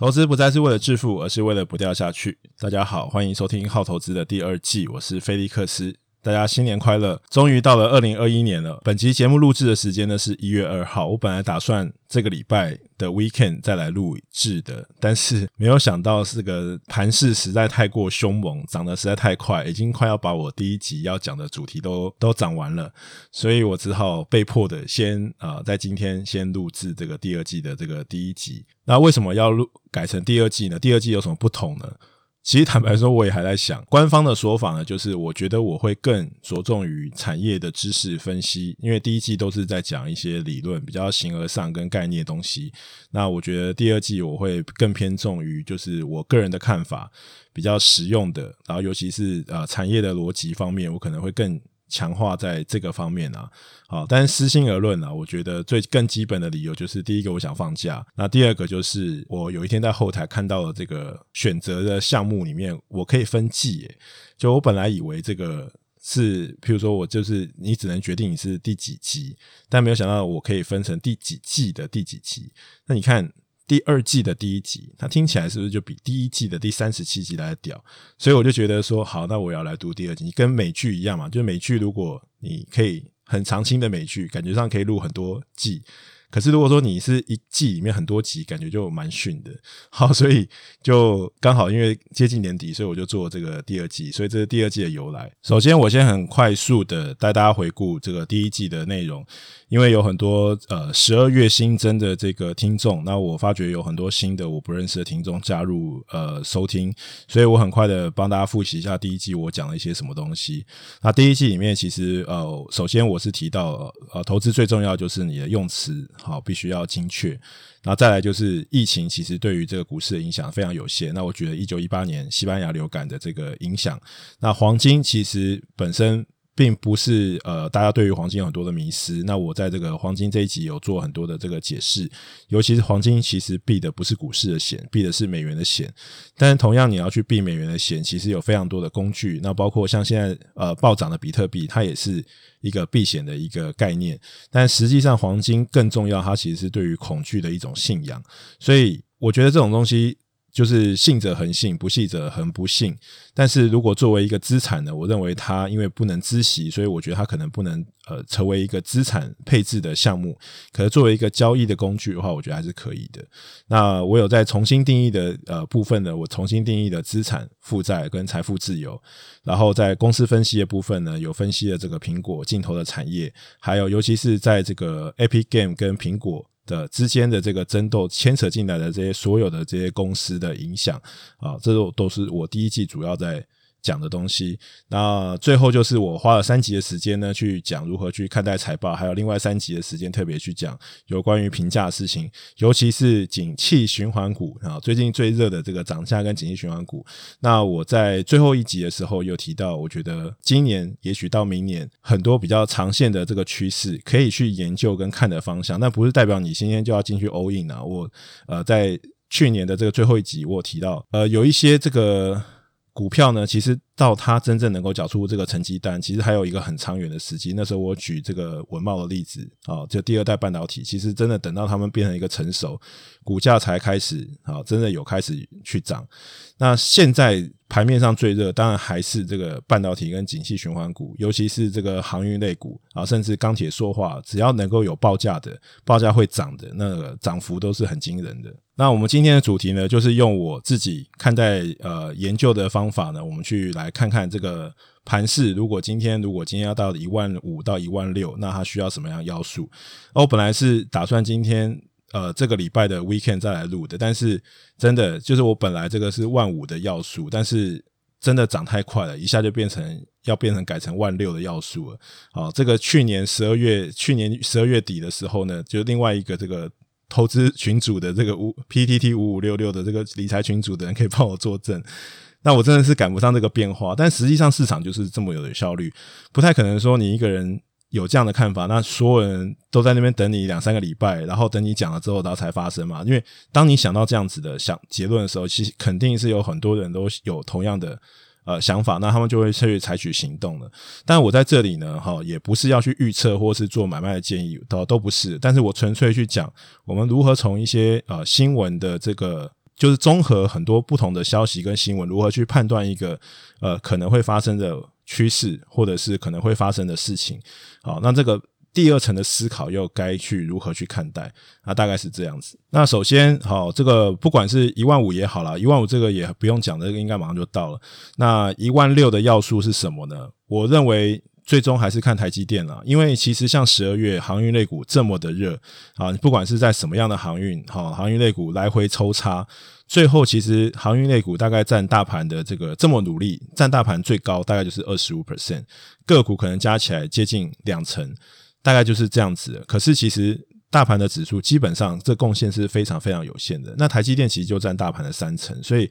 投資不再是為了致富，而是為了不掉下去。大家好，歡迎收聽《好投資》的第二季，我是菲力克斯。大家新年快樂！終於到了二零二一年了。本集節目錄製的時間呢是一月二號。我本來打算這個禮拜的 weekend 再來錄製的，但是沒有想到這個盤勢實在太過兇猛，漲得實在太快，已經快要把我第一集要講的主題都都漲完了，所以我只好被迫的先啊、呃，在今天先錄製這個第二季的這個第一集。那為什麼要錄改成第二季呢？第二季有什麼不同呢？其實坦白說，我也還在想。官方的說法呢，就是我覺得我會更着重於產業的知識分析，因為第一季都是在講一些理論、比較形而上跟概念的東西。那我覺得第二季我會更偏重於就是我個人的看法，比較實用的，然後尤其是呃產業的邏輯方面，我可能會更。強化在這個方面啊，好，但是私心而論啊，我覺得最更基本的理由就是，第一個我想放假，那第二個就是我有一天在後台看到了這個選擇的項目裡面，我可以分季，欸，就我本來以為這個是，譬如說我就是你只能決定你是第幾期，但沒有想到我可以分成第幾季的第幾期，那你看。第二季的第一集，它聽起來是不是就比第一季的第三十七集來的屌？所以我就覺得說，好，那我要來讀第二集，跟美劇一樣嘛。就美劇，如果你可以很常青的美劇，感覺上可以錄很多季。可是如果說你是一季裡面很多集，感覺就蠻遜的，好，所以就剛好因為接近年底，所以我就做這個第二季，所以這是第二季的由來。首先，我先很快速的帶大家回顧這個第一季的內容，因為有很多呃十二月新增的這個聽眾，那我發覺有很多新的我不認識的聽眾加入呃收聽，所以我很快的幫大家複習一下第一季我講了一些什麼東西。那第一季裡面其實呃，首先我是提到呃投資最重要的就是你的用詞。好，必須要精確。那再來就是疫情，其實對於這個股市的影響非常有限。那我覺得一九一八年西班牙流感的這個影響，那黃金其實本身。並不是呃，大家對於黃金有很多的迷思。那我在這個黃金這一集有做很多的這個解釋，尤其是黃金其實避的不是股市的險，避的是美元的險。但是同樣你要去避美元的險，其實有非常多的工具。那包括像現在呃暴漲的比特幣，它也是一個避險的一個概念。但實際上，黃金更重要，它其實是對於恐懼的一種信仰。所以我覺得這種東西。就是信者恆信，不信者恆不信。但是如果作為一個資產呢，我認為它因為不能孳息，所以我覺得它可能不能呃成為一個資產配置的項目。可是作為一個交易的工具的話，我覺得還是可以的。那我有在重新定義的呃部分呢，我重新定義的資產負債跟財富自由。然後在公司分析的部分呢，有分析了這個蘋果鏡頭的產業，還有尤其是在這個 Epic Game 跟蘋果。的之間的這個爭鬥牽扯進來的這些所有的這些公司的影響啊，這都都是我第一季主要在講的東西，那最後就是我花了三集的時間呢，去講如何去看待財報，還有另外三集的時間特別去講有關於評價的事情，尤其是景氣循環股啊，最近最熱的這個漲價跟景氣循環股。那我在最後一集的時候有提到，我覺得今年也許到明年，很多比較長線的這個趨勢可以去研究跟看的方向，那不是代表你今天就要進去 all in 啊。我呃在去年的這個最後一集，我有提到呃有一些這個。股票呢，其實到它真正能夠繳出這個成績單，其實還有一個很長遠的時機。那時候我舉這個穩懋的例子啊，就第二代半導體，其實真的等到他們變成一個成熟，股價才開始啊，真的有開始去漲。那現在盤面上最熱，當然還是這個半導體跟景氣循環股，尤其是這個航運類股啊，甚至鋼鐵、塑化，只要能夠有報價的，報價會漲的，那個漲幅都是很驚人的。那我們今天的主題呢，就是用我自己看待呃研究的方法呢，我們去來看看這個盤勢。如果今天，如果今天要到一萬五到一萬六，那它需要什麼樣要素？我本來是打算今天呃這個禮拜的 weekend 再來錄的，但是真的就是我本來這個是萬五的要素，但是真的漲太快了，一下就變成要變成改成萬六的要素了。哦，這個去年十二月，去年十二月底的時候呢，就另外一個這個。投資群組的這個五 P T T 五五六六的這個理財群組的人可以幫我作證，那我真的是趕不上這個變化。但實際上市場就是這麼有的效率，不太可能說你一個人有這樣的看法，那所有人都在那邊等你兩三個禮拜，然後等你講了之後，然後才發生嘛？因為當你想到這樣子的想結論的時候，其實肯定是有很多人都有同樣的。呃，想法，那他們就會去採取行動了。但我在這裡呢，哈，也不是要去預測，或是做買賣的建議，都都不是。但是我純粹去講，我們如何從一些呃新聞的這個，就是綜合很多不同的消息跟新聞，如何去判斷一個呃可能會發生的趨勢，或者是可能會發生的事情。好，那這個。第二層的思考又該去如何去看待？啊，大概是這樣子。那首先，好、哦，這個不管是一萬五也好啦，一萬五這個也不用講，這、那個應該馬上就到了。那一萬六的要素是什麼呢？我認為最終還是看台積電啦，因為其實像十二月航運類股這麼的熱啊，不管是在什麼樣的航運，好、哦，航運類股來回抽插。最後其實航運類股大概佔大盤的這個這麼努力，佔大盤最高大概就是二十五 percent，個股可能加起來接近兩成。大概就是這樣子，可是其實大盤的指數基本上這貢獻是非常非常有限的。那台積電其實就占大盤的三成，所以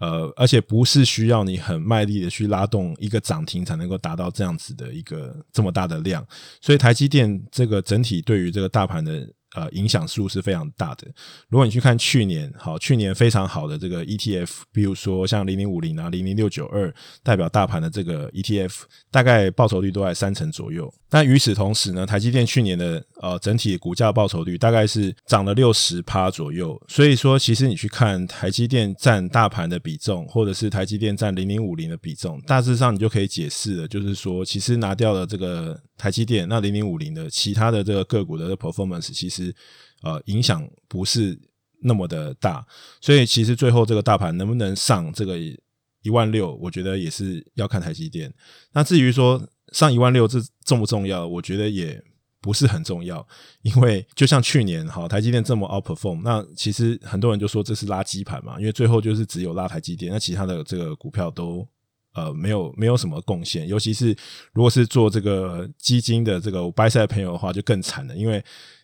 呃，而且不是需要你很賣力的去拉動一個漲停才能夠達到這樣子的一個這麼大的量，所以台積電這個整體對於這個大盤的。呃，影響數是非常大的。如果你去看去年，好，去年非常好的這個 ETF，比如說像零零五零啊、零零六九二代表大盤的這個 ETF，大概報酬率都在三成左右。但與此同時呢，台積電去年的呃整體股價報酬率大概是漲了六十趴左右。所以說，其實你去看台積電佔大盤的比重，或者是台積電佔零零五零的比重，大致上你就可以解釋了，就是說其實拿掉了這個台積電，那零零五零的其他的這個個股的 performance 其實。其實，呃，影響不是那麼的大，所以其實最後這個大盤能不能上這個一萬六，我覺得也是要看台積電。那至於說上一萬六這重不重要，我覺得也不是很重要，因為就像去年哈，台積電這麼 outperform，那其實很多人就說這是垃圾盤嘛，因為最後就是只有拉台積電，那其他的這個股票都呃沒有沒有什麼貢獻，尤其是如果是做這個基金的這個 buy side 朋友的話，就更慘了，因為。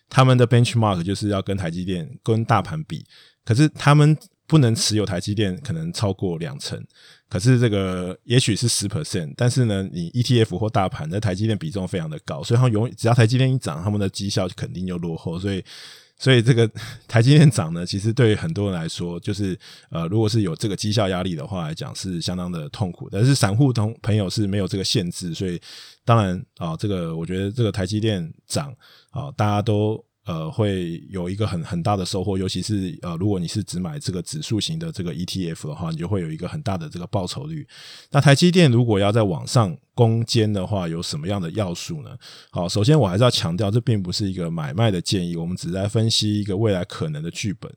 他們的 benchmark 就是要跟台積電、跟大盤比，可是他們不能持有台積電可能超過兩成，可是這個也許是十 percent，但是呢，你 ETF 或大盤的台積電比重非常的高，所以他們永只要台積電一漲，他們的績效肯定就落後，所以。所以這個台積電漲呢，其實對於很多人來說，就是呃，如果是有這個績效壓力的話來講，是相當的痛苦。但是散戶同朋友是沒有這個限制，所以當然啊，這個我覺得這個台積電漲啊，大家都。呃，會有一個很很大的收穫，尤其是呃，如果你是只買這個指數型的這個 ETF 的話，你就會有一個很大的這個報酬率。那台積電如果要在往上攻堅的話，有什麼樣的要素呢？好，首先我還是要強調，這並不是一個買賣的建議，我們只在分析一個未來可能的劇本。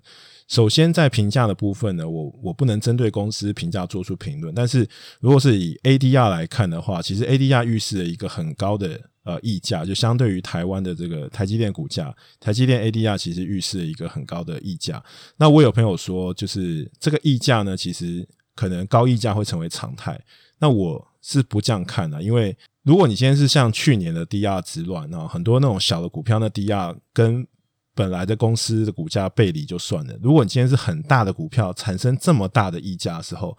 首先在評價的部分呢，我我不能針對公司評價做出評論，但是如果是以 ADR 來看的話，其實 ADR 預示了一個很高的。呃，溢價就相對於台灣的這個台積電股價，台積電 ADR 其實預示了一個很高的溢價。那我有朋友說，就是這個溢價呢，其實可能高溢價會成為常態。那我是不這樣看的，因為如果你今天是像去年的 DR 之亂，然後很多那種小的股票，那 DR 跟本來的公司的股價背離就算了。如果你今天是很大的股票產生這麼大的溢價的時候，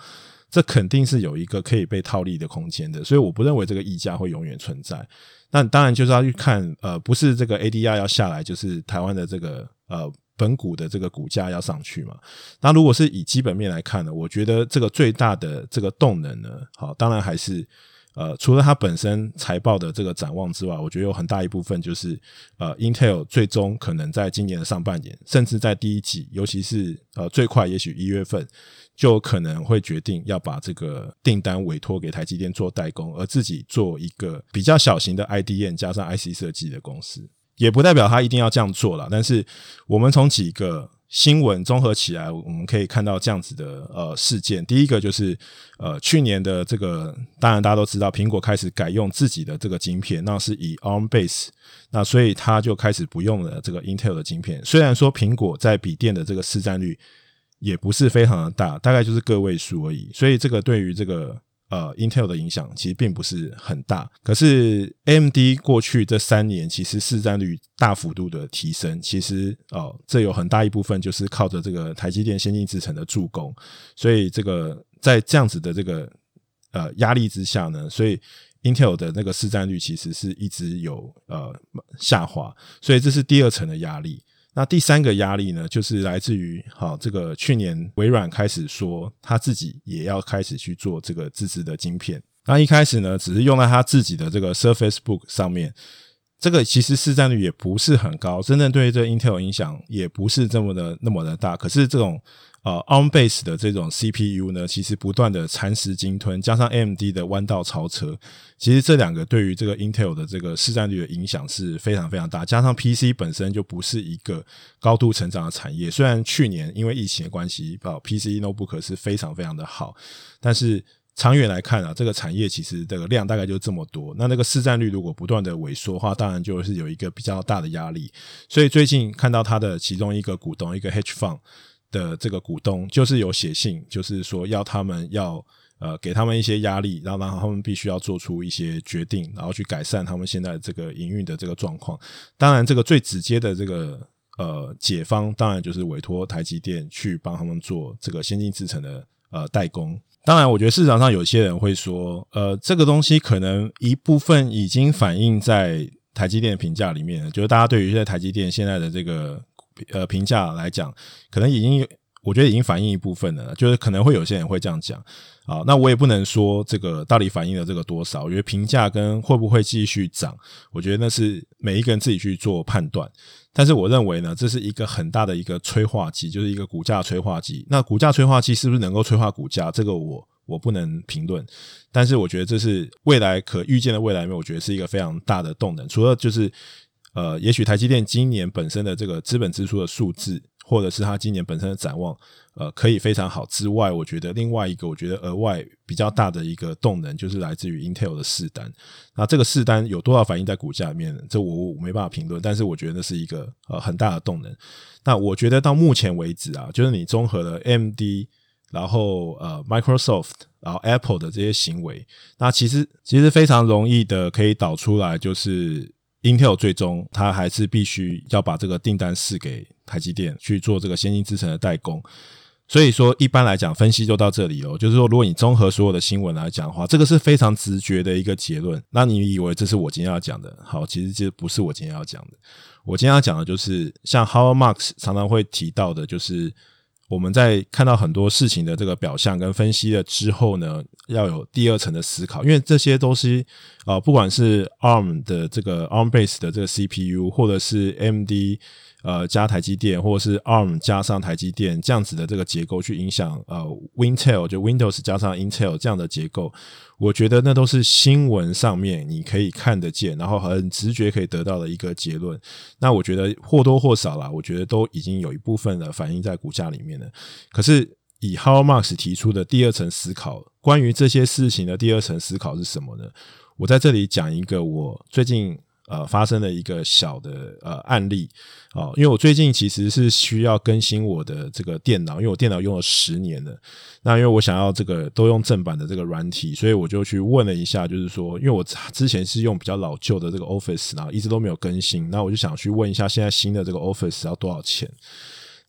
這肯定是有一個可以被套利的空間的。所以我不認為這個溢價會永遠存在。那當然就是要去看，呃，不是這個 ADR 要下來，就是台灣的這個呃本股的這個股價要上去嘛。那如果是以基本面來看呢，我覺得這個最大的這個動能呢，好、哦，當然還是呃，除了它本身財報的這個展望之外，我覺得有很大一部分就是呃，Intel 最終可能在今年的上半年，甚至在第一季，尤其是呃，最快也許一月份。就可能會決定要把這個訂單委托給台積電做代工，而自己做一個比較小型的 IDM 加上 IC 設計的公司，也不代表他一定要這樣做啦。但是我們從幾個新聞綜合起來，我們可以看到這樣子的呃事件。第一個就是呃去年的這個，當然大家都知道，蘋果開始改用自己的這個晶片，那是以 ARM base，那所以他就開始不用了這個 Intel 的晶片。雖然說蘋果在筆電的這個市占率，也不是非常的大，大概就是個位數而已，所以這個對於這個呃 Intel 的影響其實並不是很大。可是 AMD 過去這三年其實市占率大幅度的提升，其實哦、呃，這有很大一部分就是靠着這個台積電先進製程的助攻。所以這個在這樣子的這個呃壓力之下呢，所以 Intel 的那個市占率其實是一直有呃下滑，所以這是第二層的壓力。那第三個壓力呢，就是來自於好，這個去年微軟開始說他自己也要開始去做這個自制的晶片。那一開始呢，只是用在他自己的這個 Surface Book 上面，這個其實市占率也不是很高，真正對於這 Intel 影響也不是這麼的那麼的大。可是這種。啊，ARM based，uh, 的這種 CPU 呢，其實不斷的蠶食鯨吞，加上 AMD 的彎道超車，其實這兩個對於這個 Intel 的這個市占率的影響是非常非常大。加上 PC 本身就不是一個高度成長的產業，雖然去年因為疫情的關係，哦，PC notebook 是非常非常的好，但是長遠來看啊，這個產業其實這個量大概就這麼多。那那個市占率如果不斷的萎縮的話，當然就是有一個比較大的壓力。所以最近看到它的其中一個股東，一個 Hedge Fund。的這個股東就是有寫信，就是說要他們要呃，給他們一些壓力，然後讓他們必須要做出一些決定，然後去改善他們現在這個營運的這個狀況。當然，這個最直接的這個呃，解方，當然就是委託台積電去幫他們做這個先進製程的呃，代工。當然，我覺得市場上有些人會說，呃，這個東西可能一部分已經反映在台積電的評價裡面了，就是大家對於在台積電現在的這個。呃，評價來講，可能已經我覺得已經反映一部分了，就是可能會有些人會這樣講啊。那我也不能說這個到底反映了這個多少，我覺得評價跟會不會繼續漲，我覺得那是每一個人自己去做判斷。但是我認為呢，這是一個很大的一個催化劑，就是一個股價催化劑。那股價催化劑是不是能夠催化股價，這個我我不能評論。但是我覺得這是未來可預見的未來裡面，我覺得是一個非常大的動能。除了就是。呃，也許台積電今年本身的這個資本支出的數字，或者是它今年本身的展望，呃，可以非常好之外，我覺得另外一個我覺得額外比較大的一個動能，就是來自於 Intel 的釋單。那這個釋單有多少反映在股價裡面？這我沒辦法評論，但是我覺得那是一個呃很大的動能。那我覺得到目前為止啊，就是你綜合了 AMD 然後呃 Microsoft，然後 Apple 的這些行為，那其實其實非常容易的可以導出來就是。Intel 最終，它還是必須要把這個訂單釋給台積電去做這個先進製程的代工，所以說一般來講，分析就到這裡哦。就是說，如果你綜合所有的新聞來講的話，這個是非常直覺的一個結論。那你以為這是我今天要講的？好，其實這不是我今天要講的。我今天要講的就是像 Howard Marks 常常會提到的，就是。我們在看到很多事情的這個表象跟分析了之後呢，要有第二層的思考，因為這些都是呃，不管是 ARM 的這個 ARM-based 的這個 CPU，或者是 AMD。呃，加台積電或者是 ARM 加上台積電這樣子的這個結構去影響呃 Wintel 就 Windows 加上 Intel 這樣的結構，我覺得那都是新聞上面你可以看得見，然後很直覺可以得到的一個結論。那我覺得或多或少啦，我覺得都已經有一部分的反映在股價裡面了。可是以 Howard Marks 提出的第二層思考，關於這些事情的第二層思考是什麼呢？我在這裡講一個我最近。呃，發生了一個小的呃案例啊、哦。因為我最近其實是需要更新我的這個電腦，因為我電腦用了十年了。那因為我想要這個都用正版的這個軟體，所以我就去問了一下，就是說，因為我之前是用比較老舊的這個 Office，然後一直都沒有更新。那我就想去問一下，現在新的這個 Office 要多少錢？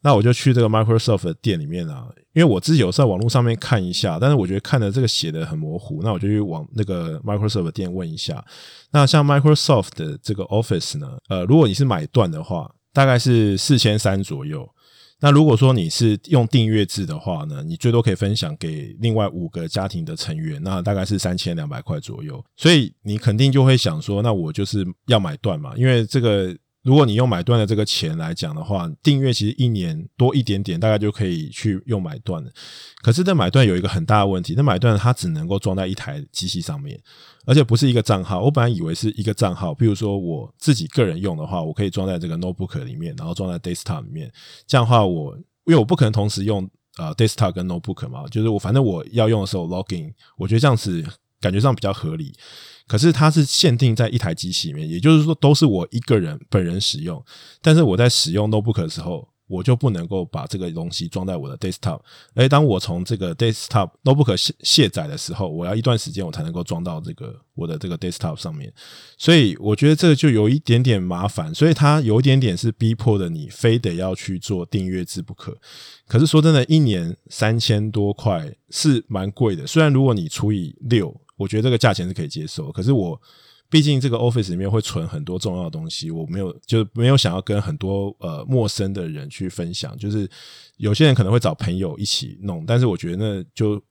那我就去這個 Microsoft 的店裡面啊。因為我自己有在網絡上面看一下，但是我覺得看的這個寫的很模糊，那我就去往那個 Microsoft 店問一下。那像 Microsoft 的這個 Office 呢，呃，如果你是買斷的話，大概是四千三左右。那如果說你是用訂閱制的話呢，你最多可以分享給另外五個家庭的成員，那大概是三千兩百塊左右。所以你肯定就會想說，那我就是要買斷嘛，因為這個。如果你用買斷的這個錢來講的話，訂閱其實一年多一點點，大概就可以去用買斷了。可是這買斷有一個很大的問題，那買斷它只能夠裝在一台機器上面，而且不是一個賬號。我本來以為是一個賬號，譬如說我自己個人用的話，我可以裝在這個 notebook 裡面，然後裝在 desktop 裡面。這樣的話，我因為我不可能同時用啊 desktop 跟 notebook 嘛，就是我反正我要用的時候 logging，我覺得這樣子感覺上比較合理。可是它是限定在一台機器裡面，也就是說都是我一個人本人使用。但是我在使用 Notebook 的時候，我就不能夠把這個東西裝在我的 Desktop。而且當我從這個 Desktop Notebook 卸卸載的時候，我要一段時間我才能夠裝到這個我的這個 Desktop 上面。所以我覺得這個就有一點點麻煩，所以它有一點點是逼迫的你非得要去做訂閱制不可。可是說真的，一年三千多塊是蠻貴的。雖然如果你除以六。我覺得這個價錢是可以接受，可是我畢竟這個 office 裡面會存很多重要的東西，我沒有就是沒有想要跟很多呃陌生的人去分享。就是有些人可能會找朋友一起弄，但是我覺得那就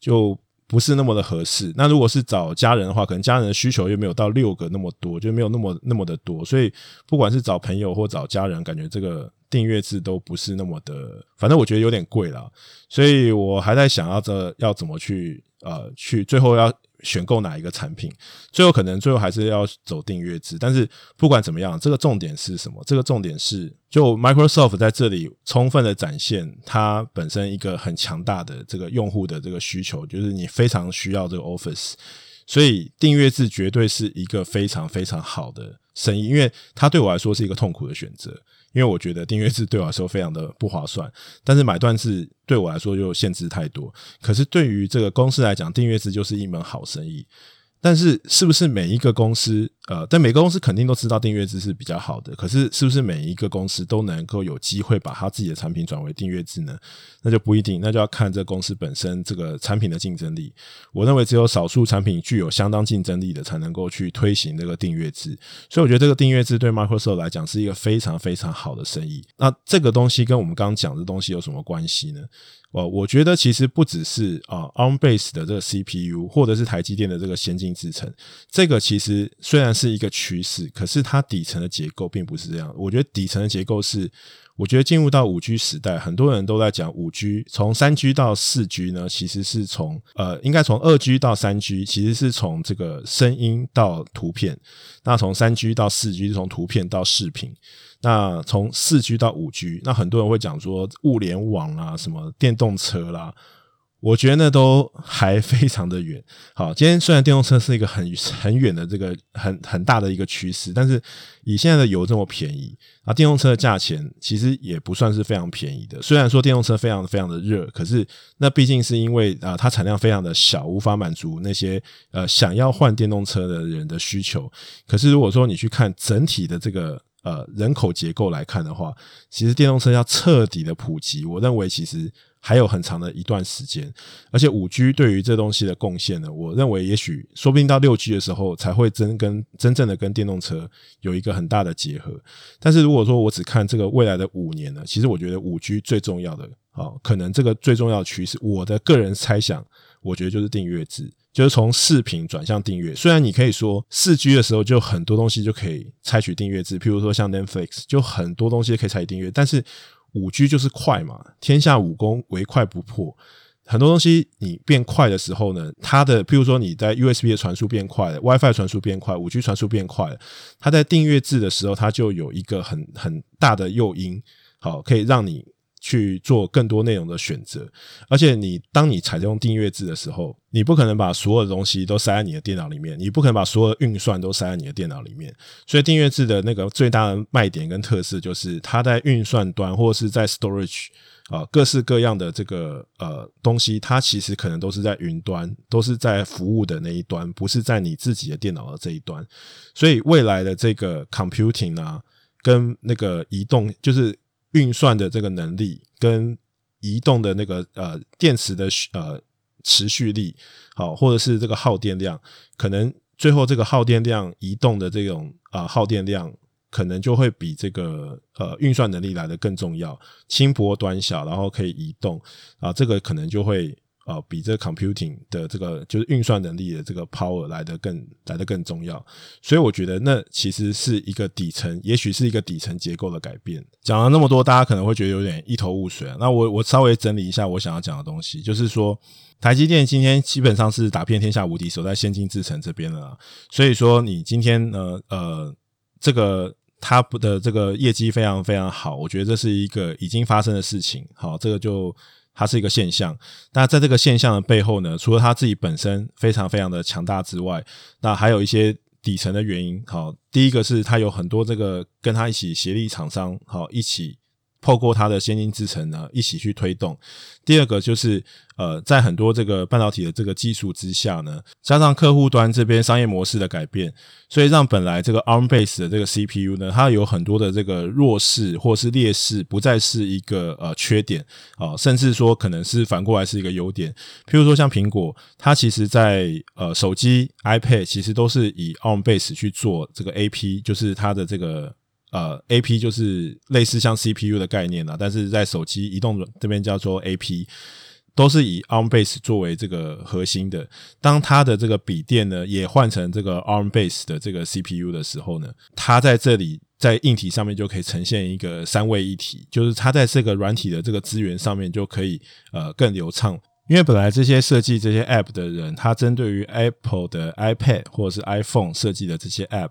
就不是那麼的合適。那如果是找家人的話，可能家人的需求又沒有到六個那麼多，就沒有那麼那麼的多。所以不管是找朋友或找家人，感覺這個訂閱制都不是那麼的，反正我覺得有點貴啦。所以我還在想要這要怎麼去。呃，去最後要選購哪一個產品，最後可能最後還是要走訂閱制。但是不管怎麼樣，這個重點是什麼？這個重點是，就 Microsoft 在這裡充分的展現它本身一個很強大的這個用戶的這個需求，就是你非常需要這個 Office。所以訂閱制絕對是一個非常非常好的生意，因為它對我來說是一個痛苦的選擇，因為我覺得訂閱制對我來說非常的不划算，但是買斷制對我來說又限制太多。可是對於這個公司來講，訂閱制就是一門好生意。但是，是不是每一個公司，呃，但每個公司肯定都知道訂閱制是比較好的。可是，是不是每一個公司都能夠有機會把他自己的產品轉為訂閱制呢？那就不一定，那就要看這公司本身這個產品的競爭力。我認為，只有少數產品具有相當競爭力的，才能夠去推行這個訂閱制。所以，我覺得這個訂閱制對 Microsoft 來講是一個非常非常好的生意。那這個東西跟我們剛剛講的東西有什麼關係呢？哦，我覺得其實不只是啊 ARM-based 的這個 CPU，或者是台積電的這個先進製程，這個其實雖然是一個趨勢，可是它底層的結構並不是這樣。我覺得底層的結構是，我覺得進入到五 G 時代，很多人都在講五 G，從三 G 到四 G 呢，其實是從呃，應該從二 G 到三 G，其實是從這個聲音到圖片，那從三 G 到四 G，是從圖片到視頻。那從四 G 到五 G，那很多人會講說物聯網啦，什麼電動車啦，我覺得那都還非常的遠。好，今天雖然電動車是一個很很遠的這個很很大的一個趨勢，但是以現在的油這麼便宜，啊，電動車的價錢其實也不算是非常便宜的。雖然說電動車非常非常的熱，可是那畢竟是因為啊、呃，它產量非常的小，無法滿足那些呃想要換電動車的人的需求。可是如果說你去看整體的這個。呃，人口結構來看的話，其實電動車要徹底的普及，我認為其實還有很長的一段時間。而且五 G 對於這東西的貢獻呢，我認為也許說不定到六 G 的時候才會真跟真正的跟電動車有一個很大的結合。但是如果說我只看這個未來的五年呢，其實我覺得五 G 最重要的啊、哦，可能這個最重要的趨勢，我的個人猜想，我覺得就是訂閱制。就是從視頻轉向訂閱，雖然你可以說四 G 的時候就很多東西就可以採取訂閱制，譬如說像 Netflix，就很多東西可以採取訂閱，但是五 G 就是快嘛，天下武功唯快不破，很多東西你變快的時候呢，它的譬如說你在 USB 的傳輸變快了，WiFi 傳輸變快，五 G 傳輸變快了，它在訂閱制的時候，它就有一個很很大的誘因，好，可以讓你，去做更多內容的選擇，而且你當你採用訂閱制的時候，你不可能把所有的東西都塞在你的電腦裡面，你不可能把所有的運算都塞在你的電腦裡面。所以，訂閱制的那個最大的賣點跟特色，就是它在運算端或者是在 storage 啊，各式各樣的這個呃東西，它其實可能都是在雲端，都是在服務的那一端，不是在你自己的電腦的這一端。所以，未來的這個 computing 啊，跟那個移動就是。運算的這個能力跟移動的那個呃電池的呃持續力、哦，好或者是這個耗電量，可能最後這個耗電量移動的這種啊、呃、耗電量，可能就會比這個呃運算能力來得更重要。輕薄短小，然後可以移動啊，這個可能就會。啊，比這個 computing 的這個就是運算能力的這個 power 來得更、來得更重要，所以我覺得那其實是一個底層，也許是一個底層結構的改變。講了那麼多，大家可能會覺得有點一頭霧水啊。那我我稍微整理一下我想要講的東西，就是說台積電今天基本上是打遍天下無敵，守在先進製程這邊了。所以說，你今天呃呃，這個它的這個業績非常非常好，我覺得這是一個已經發生的事情。好，這個就。它是一個現象，那在這個現象的背後呢，除了他自己本身非常非常的強大之外，那還有一些底層的原因。好，第一個是他有很多這個跟他一起協力廠商，好，一起。透過它的先進製程呢，一起去推動。第二個就是呃，在很多這個半導體的這個技術之下呢，加上客戶端這邊商業模式的改變，所以讓本來這個 Arm Base 的這個 CPU 呢，它有很多的這個弱勢或是劣勢，不再是一個呃缺點啊、呃，甚至說可能是反過來是一個優點。譬如說像蘋果，它其實在呃手機、iPad 其實都是以 Arm Base 去做這個 AP，就是它的這個。呃，A P 就是類似像 C P U 的概念啦，但是在手機移動這邊叫做 A P，都是以 Arm Base 作為這個核心的。當它的這個筆電呢，也換成這個 Arm Base 的這個 C P U 的時候呢，它在這裡在硬體上面就可以呈現一個三位一體，就是它在這個軟體的這個資源上面就可以呃更流暢。因為本來這些設計這些 App 的人，他針對於 Apple 的 iPad 或者是 iPhone 設計的這些 App。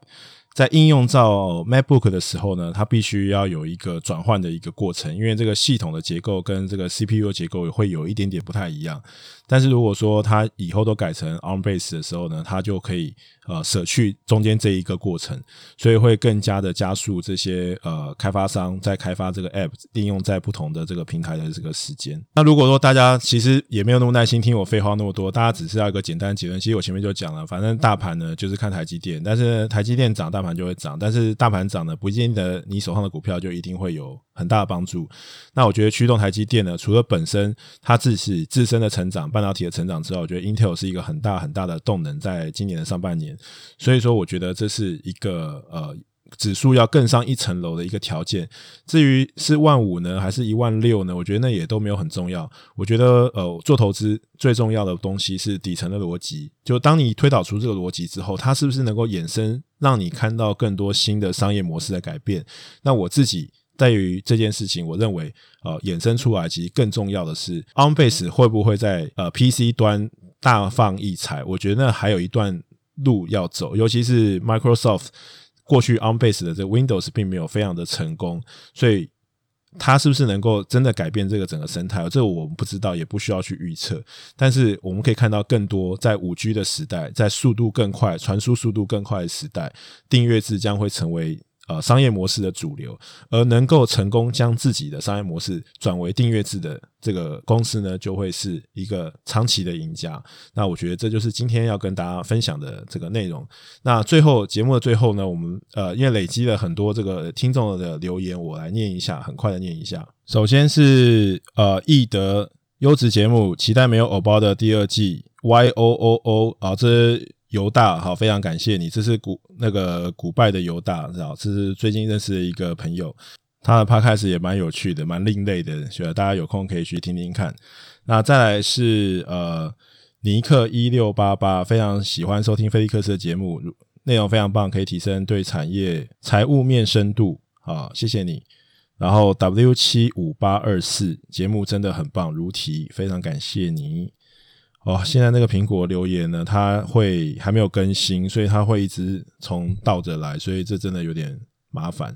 在應用到 MacBook 的時候呢，它必須要有一個轉換的一個過程，因為這個系統的結構跟這個 CPU 結構也會有一點點不太一樣。但是如果說它以後都改成 ARM base 的時候呢，它就可以呃捨去中間這一個過程，所以會更加的加速這些呃開發商在開發這個 app 應用在不同的這個平台的這個時間。那如果說大家其實也沒有那麼耐心聽我廢話那麼多，大家只是要一個簡單結論。其實我前面就講了，反正大盤呢就是看台積電，但是台積電漲大盤就會漲，但是大盤漲呢不見得，你手上的股票就一定會有。很大的幫助。那我覺得驅動台積電呢，除了本身它自己自身的成長、半導體的成長之外，我覺得 Intel 是一個很大很大的動能，在今年的上半年。所以說，我覺得這是一個呃指數要更上一層樓的一個條件。至於是萬五呢，還是一萬六呢？我覺得那也都沒有很重要。我覺得呃做投資最重要的東西是底層的邏輯。就當你推導出這個邏輯之後，它是不是能夠衍生讓你看到更多新的商業模式的改變？那我自己。在於這件事情，我認為，呃，衍生出來其實更重要的是、mm hmm.，OnBase 會不會在呃 PC 端大放異彩？我覺得那還有一段路要走，尤其是 Microsoft 過去 OnBase 的這 Windows 並沒有非常的成功，所以它是不是能夠真的改變這個整個生態？呃，這我們不知道，也不需要去預測。但是我們可以看到，更多在五 G 的時代，在速度更快、傳輸速度更快的時代，訂閱制將會成為。呃，商業模式的主流，而能夠成功將自己的商業模式轉為訂閱制的這個公司呢，就會是一個長期的贏家。那我覺得這就是今天要跟大家分享的這個內容。那最後節目的最後呢，我們呃，因為累積了很多這個聽眾的留言，我來念一下，很快的念一下。首先是呃，易德優質節目，期待沒有偶包的第二季。Y O O O 啊，這。猶大，好，非常感謝你。這是古那個古拜的猶大，是吧？這是最近認識的一個朋友，他的 podcast 也蠻有趣的，蠻另類的，所以大家有空可以去聽聽看。那再來是呃，尼克一六八八，非常喜歡收聽菲利克斯的節目，內容非常棒，可以提升對產業財務面深度。好，謝謝你。然後 W 七五八二四，節目真的很棒，如題，非常感謝你。哦，現在那個蘋果留言呢，它會還沒有更新，所以它會一直從倒着來，所以這真的有點麻煩。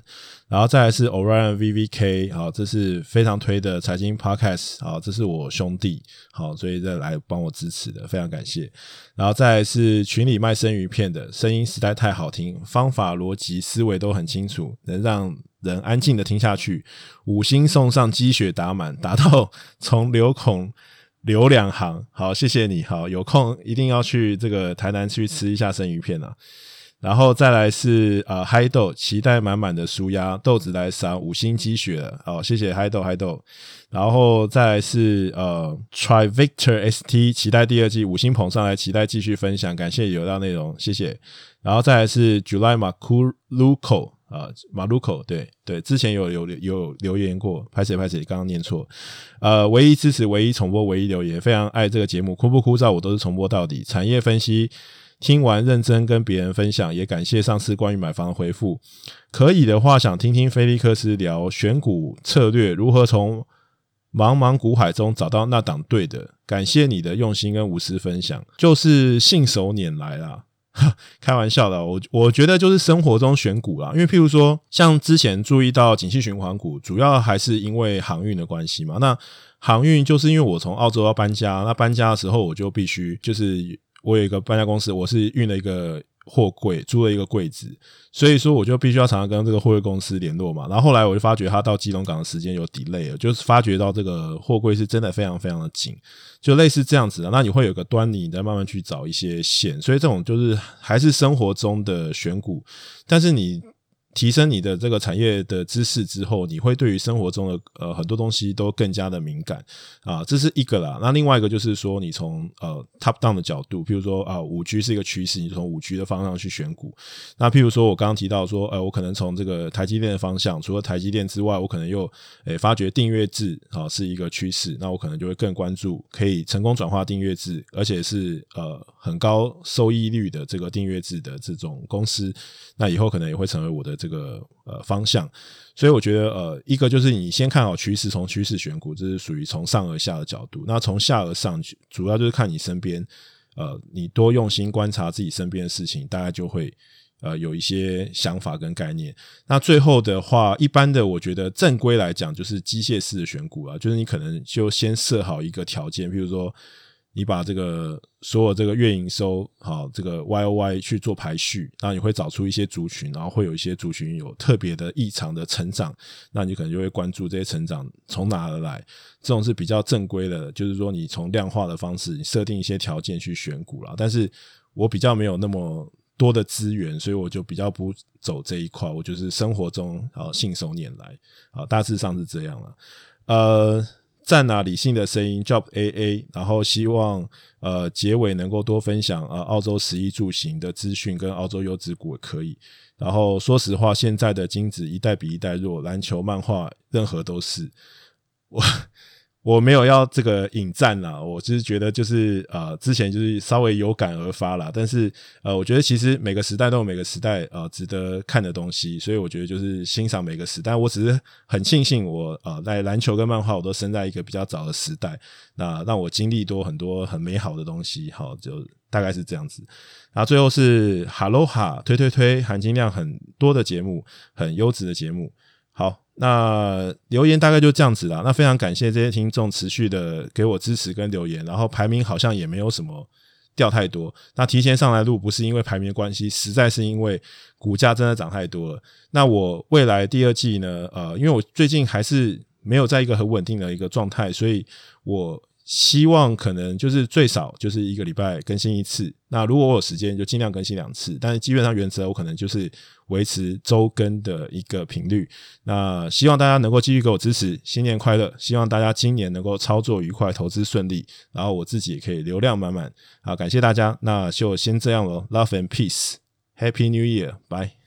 然後再來是 Orion V V K，好，這是非常推的財經 Podcast，好，這是我兄弟，好，所以再來幫我支持的，非常感謝。然後再來是群裡賣生魚片的聲音實在太好聽，方法、邏輯、思維都很清楚，能讓人安靜的聽下去，五星送上，雞血打滿，打到從流孔。留兩行，好，謝謝你，好，有空一定要去這個台南去吃一下生魚片啊！然後再來是呃嗨豆，期待滿滿的舒壓豆子來賞五星雞血了，好，謝謝嗨豆嗨豆，然後再來是呃 try Victor ST，期待第二季五星捧上來，期待繼續分享，感謝有料內容，謝謝，然後再來是 July Maculuco。啊、呃，馬路口，對對，之前有有有，有留言過，拍謝拍謝，剛剛念錯。呃，唯一支持，唯一重播，唯一留言，非常愛這個節目，枯不枯燥，我都是重播到底。產業分析聽完認真跟別人分享，也感謝上次關於買房的回覆。可以的話，想聽聽菲力克斯聊選股策略，如何從茫茫股海中找到那檔對的。感謝你的用心跟無私分享，就是信手拈來啦。呵，開玩笑的，我我覺得就是生活中選股啦，因為譬如說，像之前注意到景氣循環股，主要還是因為航運的關係嘛。那航運就是因為我從澳洲要搬家，那搬家的時候我就必須就是我有一個搬家公司，我是運了一個。貨櫃租了一個櫃子，所以說我就必須要常常跟這個貨櫃公司聯絡嘛。然後後來我就發覺他到基隆港的時間有 delay 了，就是發覺到這個貨櫃是真的非常非常的緊，就類似這樣子的啊。那你會有個端倪，你再慢慢去找一些線。所以這種就是還是生活中的選股，但是你。提升你的這個產業的知識之後，你會對於生活中的呃很多東西都更加的敏感啊，這是一個啦。那另外一個就是說，你從呃 top down 的角度，譬如說啊，五 G 是一個趨勢，你從五 G 的方向去選股。那譬如說，我剛剛提到說，呃，我可能從這個台積電的方向，除了台積電之外，我可能又誒發掘訂閱制啊是一個趨勢，那我可能就會更關注可以成功轉化訂閱制，而且是呃很高收益率的這個訂閱制的這種公司，那以後可能也會成為我的這個。這個呃方向，所以我覺得呃，一個就是你先看好趨勢，從趨勢選股，這是屬於從上而下的角度。那從下而上，主要就是看你身邊，呃，你多用心觀察自己身邊的事情，大概就會呃有一些想法跟概念。那最後的話，一般的我覺得正規來講就是機械式的選股啊，就是你可能就先設好一個條件，比如說。你把這個所有這個月營收好，這個 Y O Y 去做排序，那你會找出一些族群，然後會有一些族群有特別的異常的成長，那你可能就會關注這些成長從哪兒而來。這種是比較正規的，就是說你從量化的方式，設定一些條件去選股了。但是我比較沒有那麼多的資源，所以我就比較不走這一塊，我就是生活中啊信手拈來啊，大致上是這樣了。呃。讚、啊、理性的聲音，Job AA，然後希望呃結尾能夠多分享啊、呃，澳洲食衣住行的資訊跟澳洲優質股也可以。然後說實話，現在的金子一代比一代弱，籃球、漫畫，任何都是我。我沒有要這個引戰啦，我只是覺得就是呃，之前就是稍微有感而發啦。但是呃，我覺得其實每個時代都有每個時代呃值得看的東西，所以我覺得就是欣賞每個時代。但我只是很慶幸我啊在籃球跟漫畫我都生在一個比較早的時代，那讓我經歷多很多很美好的東西。好，就大概是這樣子。然後最後是 h 嘍 l 哈，推推推，含金量很多的節目，很優質的節目。好，那留言大概就這樣子啦。那非常感謝這些聽眾持續的給我支持跟留言，然後排名好像也沒有什麼掉太多。那提前上來錄不是因為排名關係，實在是因為股價真的漲太多了。那我未來第二季呢？呃，因為我最近還是沒有在一個很穩定的一個狀態，所以我。希望可能就是最少就是一個禮拜更新一次。那如果我有時間，就盡量更新兩次。但是基本上原則，我可能就是維持周更的一個頻率。那希望大家能夠繼續給我支持，新年快樂！希望大家今年能夠操作愉快，投資順利，然後我自己也可以流量滿滿。好，感謝大家，那就先這樣嘍。Love and peace，Happy New Year，Bye。